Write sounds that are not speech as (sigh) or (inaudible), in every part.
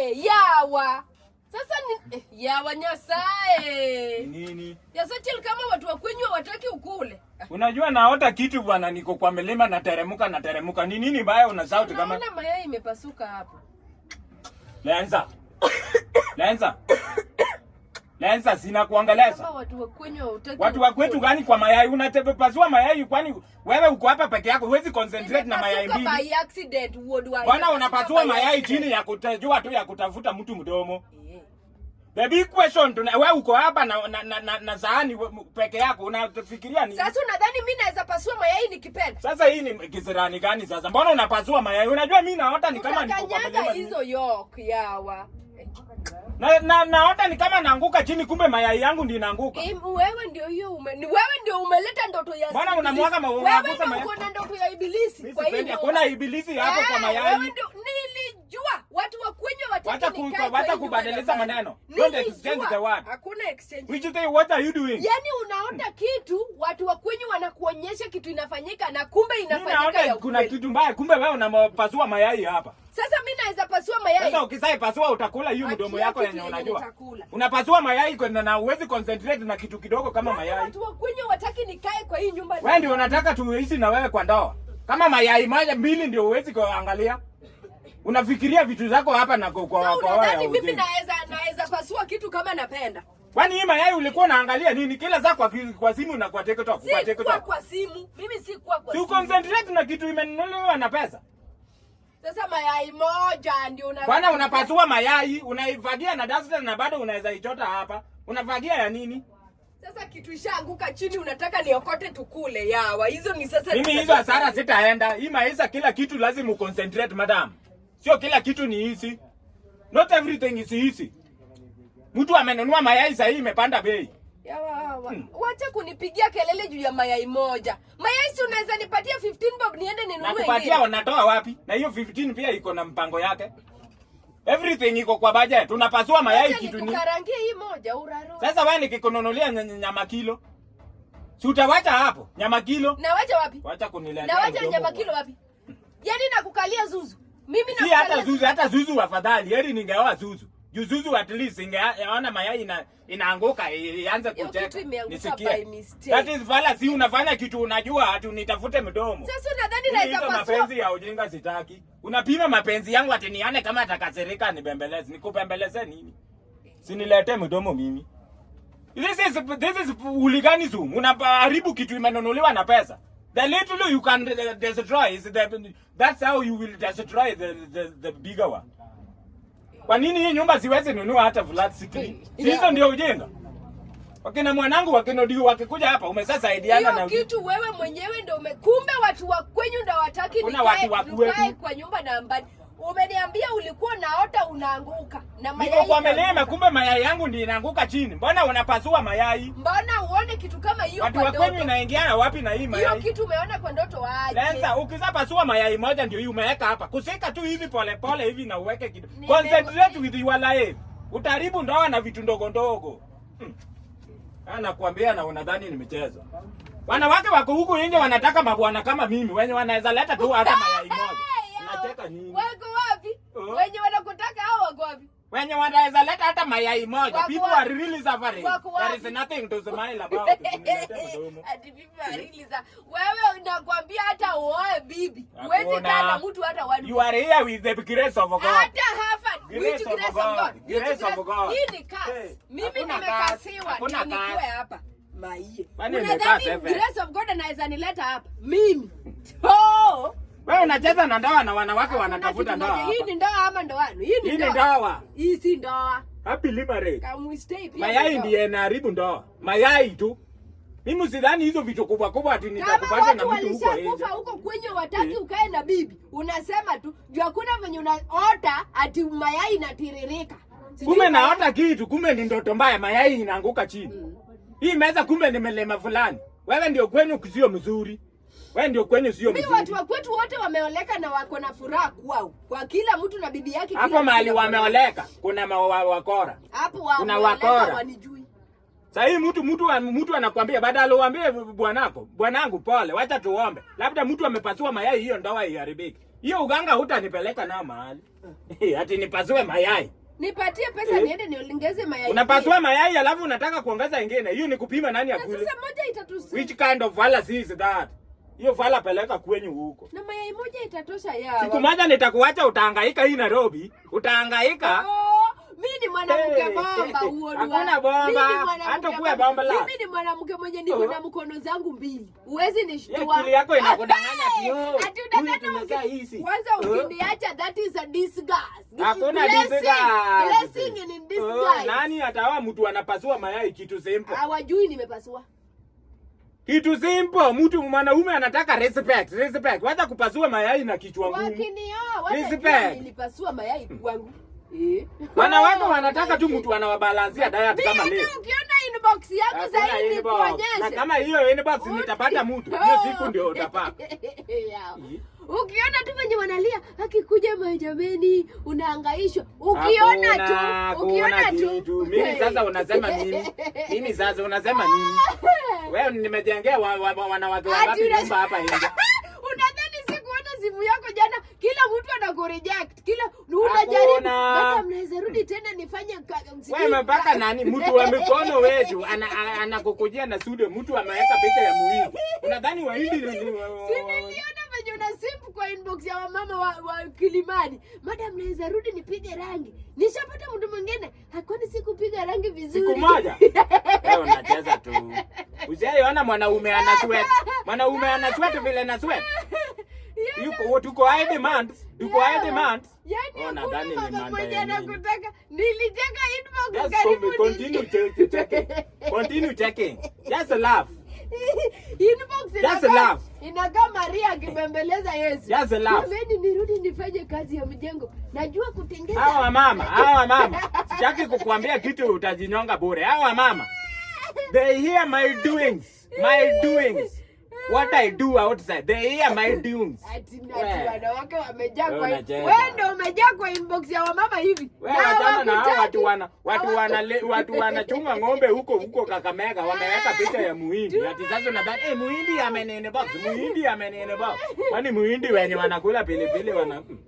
nyasaye yawa sasa ni, eh, yawa nyasaye nini Yasa chil kama watu wakunywa wataki ukule unajua naota kitu bwana niko kwa milima nateremuka nateremuka ni nini baya una sauti kama mayai imepasuka hapo lenza lenza Lensa sina kuongeleza. Watu wa kwetu gani kwa mayai Unatebe pazua mayai kwani wewe uko hapa peke yako huwezi concentrate na mayai mbili. By accident would Bwana unapasua mayai chini ya kutajua tu ya kutafuta mtu mdomo. The eh. big question tuna wewe uko hapa na na, na, na, na sahani peke yako unafikiria nini? Sasa unadhani mimi naweza pasua mayai nikipenda? Sasa hii ni kizirani gani sasa? Mbona unapazua mayai? Unajua mimi naota ni kama niko kwa hizo yok yawa. Eh, na, na naota ni kama naanguka chini, kumbe mayai yangu ndio inaanguka. wewe ndio hiyo ume, ni wewe ndio umeleta ndoto ya Bwana, unamwaga mawe, Wewe ndio uko na ndoto ya ibilisi. Kwa hiyo kuna ibilisi hapo kwa eh, mayai. Wewe ndio nilijua watu wakunywa watakanika. Wacha kubadiliza maneno. Don't exchange the word exchange. We just say what are you doing? Yani unaona kitu watu wakwenyu wanakuonyesha kitu inafanyika na kumbe inafanyika. ya Unaona kuna kitu mbaya kumbe wewe unapasua mayai hapa. Sasa mimi naweza pasua mayai. Sasa ukisai pasua utakula hiyo mdomo yako yenye unajua. Unapasua mayai kwa na uwezi concentrate na kitu kidogo kama Nani mayai. Watu wakwenyu wataki nikae kwa hii nyumba. Wewe ndio unataka tuishi na wewe kwa ndoa. Kama mayai moja mbili ndio huwezi kuangalia. Unafikiria vitu zako hapa na kwa kwa kwa. Mimi naweza naweza pasua kitu kama napenda. Kwani hii mayai ulikuwa unaangalia nini? Kila saa kwa kwa simu na kwa TikTok, si kwa TikTok. Kwa kwa simu. Mimi si kwa kwa. Tu concentrate na kitu imenunuliwa na pesa. Sasa mayai moja ndio una Bwana unapasua mayai, unaivagia na dustbin na bado unaweza ichota hapa. Unavagia ya nini? Sasa kitu ishaanguka chini unataka niokote tukule yawa. Hizo ni sasa Mimi hizo hasara sitaenda. Hii maisha kila kitu lazima uconcentrate madam. Sio kila kitu ni easy. Not everything is easy. Mtu amenunua mayai saa hii imepanda bei. Hmm. Wacha kunipigia kelele juu ya mayai moja. Mayai si unaweza nipatia 15 bob niende ninunue ingine. Nakupatia wanatoa wapi? Na hiyo 15 pia iko na mpango yake. Everything iko kwa baje. Tunapasua mayai kitu ni. Karangia hii moja uraro. Sasa wewe nikikununulia nyama kilo. Si utawacha hapo nyama kilo? Na wacha wapi? Wacha kuniletea. Na wacha nyama kilo wapi? Yaani nakukalia zuzu. Mimi nakukalia. Si hata zuzu, hata zuzu afadhali. Heri yaani ningeoa zuzu. Juzuzu at least ingeona mayai ina, inaanguka ianze kucheka. Nisikie. That is vala si unafanya kitu unajua ati unitafute mdomo. Sasa unadhani naweza pasua. Mapenzi ya ujinga sitaki. Unapima mapenzi yangu ati niane kama atakasirika nibembeleze. Nikupembeleze nini? Sinilete mdomo mimi. This is this is uliganism. Unaharibu kitu imenunuliwa na pesa. The little you can uh, destroy is the, that's how you will destroy the, the, the bigger one. Kwa nini hii nyumba siwezi nunua hata flat screen? Si hizo ndio ujinga? Wakina mwanangu wakina Diu wakikuja hapa umesasaidiana na kitu wewe mwenyewe ndio umekumbe watu wa kwenyu ndio wataki nikae kwa nyumba na mbali. Umeniambia ulikuwa naota unaanguka na mayai. Niko kwa melema kumbe mayai yangu ndio inaanguka chini. Mbona unapasua mayai? Mbona kama hiyo watu wa kwenu inaingiana wapi na hii mayai? Hiyo kitu umeona kwa ndoto waje. Sasa ukizapasua mayai moja ndio hii umeweka hapa. Kusika tu hivi pole pole hivi na uweke kidogo. Concentrate with your life. Utaribu ndoa na vitu ndogo ndogo. Hmm. Anakuambia ah, na unadhani nimecheza. Wanawake wako huku nje wanataka mabwana kama mimi wenye wanaweza leta tu hata mayai moja. Unacheka nini? Wako wapi? Oh. Wenye wanakutaka hao wako wapi? Wenye wanaweza leta hata mayai moja. People are really suffering. There is nothing to smile about. (laughs) Ati people are really suffering. Wewe unakwambia hata uoe bibi. Huwezi kana mtu hata wadu. You are here with the grace of God. Hata hafa. Which grace of God? Grace of God. Hii ni kasi. Mimi nimekasiwa. kasi. nikuwe hapa. Maie. Unadhani grace of God anaweza nileta hapa? Mimi. (laughs) Oh. Wewe unacheza na ndoa na wanawake ah, wanatafuta ndoa. Hii ni ndoa ama ndoa? Hii ni ndoa. Ndoa. Hii si ndoa. Happy limarate. Mayai ndiye yanaharibu ndoa. Mayai tu. Mimi sidhani hizo vitu kubwa kubwa ati nitakupata na mtu huko nje. Kufa huko kwenye wataki yeah. Ukae na bibi. Unasema tu juu hakuna venye unaota ati mayai inatiririka. Kumbe naota kitu, kumbe ni ndoto mbaya, mayai inaanguka chini. Mm. Hii meza kumbe nimelema fulani. Wewe ndio kwenu kuzio mzuri. Wewe ndio kwenye sio mzuri. Mimi watu wa kwetu wote wameoleka na wako na furaha kwao. Kwa kila mtu na bibi yake. Hapo mahali wameoleka kuna wakora. Hapo wa kuna wakora. Wanijui. Sasa hii mtu mtu mtu anakuambia baada aliwaambia bwanako, bwanangu pole, wacha tuombe. Labda mtu amepasua mayai hiyo ndoa iharibike. Hiyo uganga hutanipeleka nao mahali. (laughs) Ati nipasue mayai. Nipatie pesa eh, niende niongeze mayai. Unapasua mayai alafu unataka kuongeza ingine. Hiyo ni kupima nani akule. Sasa moja itatusi. Which kind of fallacy is that? hiyo fala peleka kwenye huko. Na mayai moja itatosha yawa. Siku moja nitakuacha utahangaika hii Nairobi. Utahangaika. Oh, mimi ni mwanamke bomba huo ni. Hakuna bomba. Hata kuwa bomba la. Mimi ni mwanamke mwenye niko oh. na mkono zangu mbili. Uwezi nishtua. Akili yako inakudanganya kio. Ati unataka hizi. Kwanza oh. ukiniacha that is a disgust. Hakuna disgust. Blessing in oh, disguise. Nani atawa mtu anapasua mayai kitu simple. Hawajui nimepasua. Kitu simple, mtu mwanaume anataka respect, respect. Wacha kupasua mayai na kichwa ngumu. Lakini yao, respect. Nilipasua mayai kwangu. Eh. Wanawake wanataka tu mtu anawabalansia diet kama leo. Mimi ukiona inbox yako sasa hivi kuonyesha. Na kama hiyo inbox nitapata mtu, hiyo siku ndio utapata. (laughs) Ukiona tu venye wanalia, akikuja majameni, unahangaishwa. Ukiona tu, ukiona tu. Mimi sasa unasema nini? Mimi sasa unasema nini? Ah. Wewe nimejengea wa, wa, wa, wanawake wa wapi nyumba hapa hivi? (laughs) Unadhani sikuona simu yako jana? Kila mtu anakureject. Kila unajaribu mpaka mnaweza rudi tena nifanye mziki. Wewe mpaka nani? Mtu wa mikono wetu anakukujia na sude, mtu ameweka picha ya mwili. Unadhani waindi ya wamama wa, wa Kilimani, madam, naweza rudi nipige rangi. Nishapata mtu mwingine, siku piga rangi vizuri. Siku moja (laughs) leo nacheza tu. Ushaona mwanaume ana sweat, mwanaume ana sweat vile na sweat yaani yuko tuko high demand, tuko high demand. Yani ona oh, gani ni manda nilijenga inbox karibu. Continue checking, continue checking, just a laugh (laughs) Inbox That's a laugh. Inaga Maria akibembeleza Yesu. That's a laugh. Mimi nirudi nifanye kazi ya mjengo. Najua kutengeza. Hawa mama, (laughs) hawa mama. Sitaki kukuambia kitu utajinyonga bure. Hawa mama. They hear my doings. My doings. What I do outside, they hear my tunes. Ati na wanawake wamejaa kwa wewe ndio umejaa kwa inbox ya wamama hivi. Wewe wachana na hao watu wana watu wana watu wanachunga ng'ombe huko huko Kakamega wameweka picha ya muhindi. Ati sasa na eh, muhindi amenene box, muhindi amenene box. Kwani muhindi wenye wanakula pilipili wana hmm.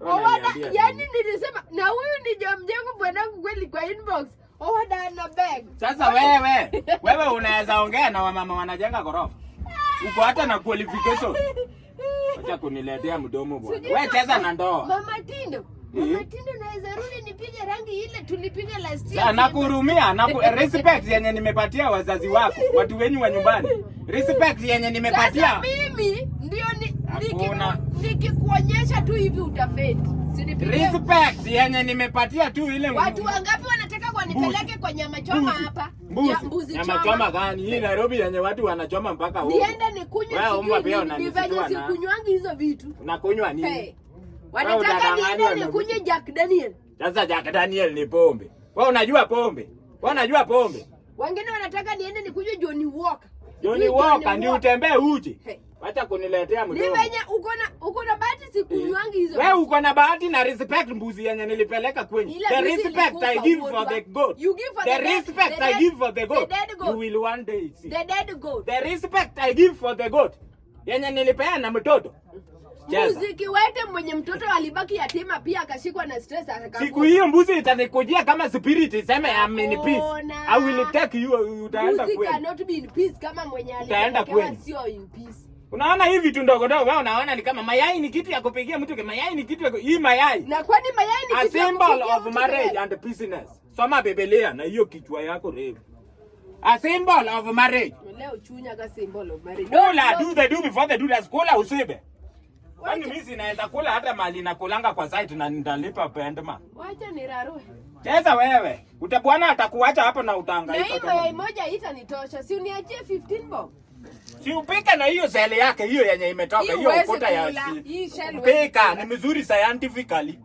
Wana, yani nilisema na huyu ni jamjengo bwanangu kweli kwa inbox. Owada na bag. Sasa wewe wewe unaweza ongea na wamama wanajenga gorofa. Uko hata na qualification. Acha kuniletea mdomo bwana. Wewe cheza na ndoa. Mama Tindo. Hmm? Mama Tindo naweza rudi nipige rangi ile tulipiga last year. Sana na (laughs) respect yenye nimepatia wazazi wako, watu wenyu wa nyumbani. Respect yenye nimepatia. mimi ndio nikikuonyesha tu hivi utafeti. Respect yenye nimepatia tu ile. Watu wangapi nipeleke kwa nyama choma hapa. Mbuzi nyama choma gani? Hii Nairobi yenye watu wanachoma mpaka huko. Niende nikunywe sijui ni venye sikunywangi hizo vitu. Unakunywa nini? Wanataka niende nikunywe Jack Daniel. Sasa Jack Daniel ni pombe. Wewe unajua pombe? Wewe unajua pombe? Wengine wanataka niende nikunywe Johnny Walker. Johnny Walker ndio utembee uje. Acha kuniletea mdomo. Ni venye uko na uko na bahati siku wewe uko na bahati na respect mbuzi yenye nilipeleka kwenye. The respect I give for the goat. You give for the goat. The respect I give for the goat. You will one day see. The dead goat. The respect I give for the goat. Yenye nilipea na mtoto. Mbuzi kiwete mwenye mtoto alibaki yatima pia akashikwa na stress akakua. Siku hiyo mbuzi itanikujia kama spirit iseme I'm in peace. I will take you utaenda kwenye. Mbuzi cannot be in peace kama mwenye alibaki sio in peace. Unaona hivi tu ndogo ndogo wewe unaona ni kama mayai ni kitu ya kupigia mtu, mayai ni kitu ya hii mayai. Na kwani mayai ni kitu ya symbol of marriage and business. Soma Biblia na hiyo kichwa yako refu. A symbol of marriage. Leo chunya ka symbol of marriage. Kula do the do before the do that's kula usibe. Kwani mimi sinaweza kula hata mali na kulanga kwa site na nitalipa pendma. Wacha nirarue. Cheza wewe. Utabwana atakuacha hapo na utahangaika. Na hii mayai moja itanitosha. Si uniachie 15 bob. Si upika na hiyo shell yake hiyo yenye imetoka hiyo ukuta ya. Upika ni mzuri scientifically.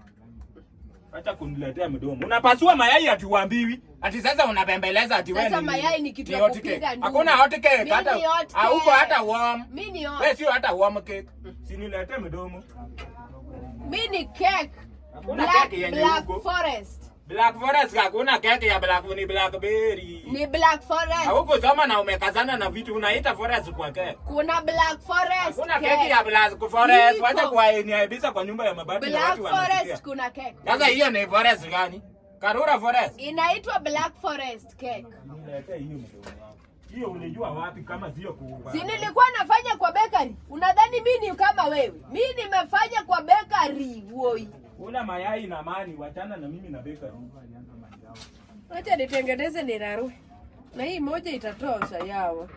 Hata kuniletea mdomo. Unapasua mayai atuambiwi. Ati sasa unabembeleza ati wewe. Sasa mayai ni kitu ya kupiga ndugu. Hakuna hot cake hata. Hauko ah, hata warm. Mimi ni hot. Wewe sio hata warm cake. Si niletee mdomo. Mimi ni cake. Black, Black Forest. Black Forest hakuna keki ya black ni blackberry. Ni Black Forest. Na Huko zama na umekazana na vitu unaita Forest kwa keki. Kuna Black Forest. Kuna keki ya Black Forest. Wacha kwa niaibisa kwa nyumba ya mabati na watu wanasikia. Black Forest kuna keki. Sasa hiyo ni Forest gani? Karura Forest. Inaitwa Black Forest cake. Hiyo unajua wapi kama sio kuupa? Si nilikuwa nafanya kwa bakery. Unadhani mimi ni kama wewe? Mimi nimefanya kwa bakery, woi una mayai na mani, wachana na mimi na bakery. Wacha nitengeneze nirarue. Na hii moja itatosha yao.